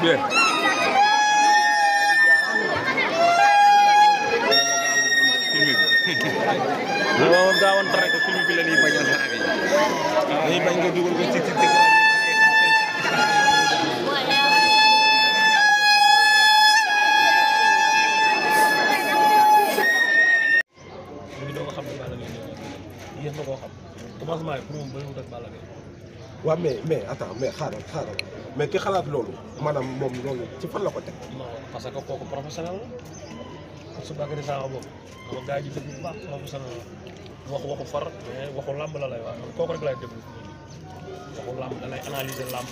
Nggih. Lawan lawan trek film bi la ñuy bañ a sarabi. Dañuy bañ nga dugal belum ci ci Wah, mais mais attends mais xaaral xaaral mais ki xalaat mana manam mom lolu ci fan la ko tek parce que koku professionnel la su bëgg di bob boobu gaay ji deug bax déglu bu professionnel la wax waxu far mais waxu lamb la lay wax koku rek lay deug waxu lamb da lay analyser lamb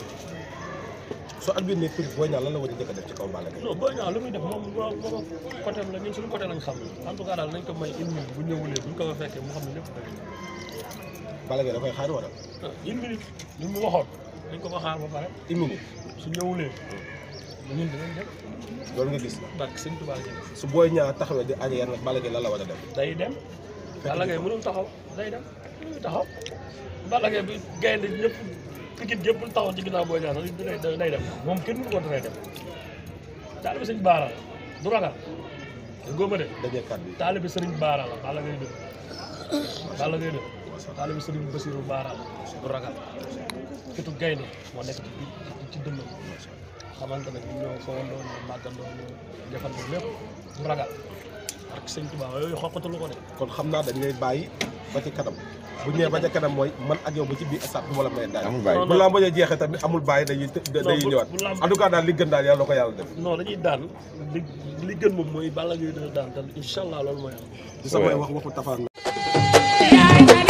so ak bir ne prix Boy ñal lan la wone a a def ci kaw balé non Boy ñal lu muy def mom moom côté la ñu suñu côté lañ xam en tout cas dal nañ ko may une bu ñewulé bu ko fekkee mu xam ni lepp dëgg la. Balla xaar wala. Ah, une minute ñu mu waxoon dañ ko ko xaar ba pare imminent su ñëwulee ñun dinañ dem loolu nga gis bark sëñ Tuubaa su booy ñaar taxawee di arrière nag Balla Gaye lan la war a def day dem Balla Gaye mënul taxaw day dem mënul taxaw Balla Gaye bi gaynde ñëpp pikit yëpp bu taxaw ci ginnaaw booy ñaar sax day dem moom kenn mënu la taalibi sëriñ Basiru Baara du ragal fitu gaynde moo nekk ci ci dëndam xamante ne ñoo fowandoo ñoo màggandoo ñoo defandoo lépp du ragal ak sëñ Tuubaa yooyu xoqatalu ko de kon xam dañ lay bàyyi ba ci kanam bu ñëwee ba ca kanam mooy man ak yow ba ci biir stade bu ma la may daal amul bàyyi bu laa mbañee jeexee tamit amul bàyyi dañuy dañuy ñëwaat en tout cas daal li gën daal yàlla ko yàlla def non dañuy daan li gën moom mooy bala ñuy dana am di wax waxu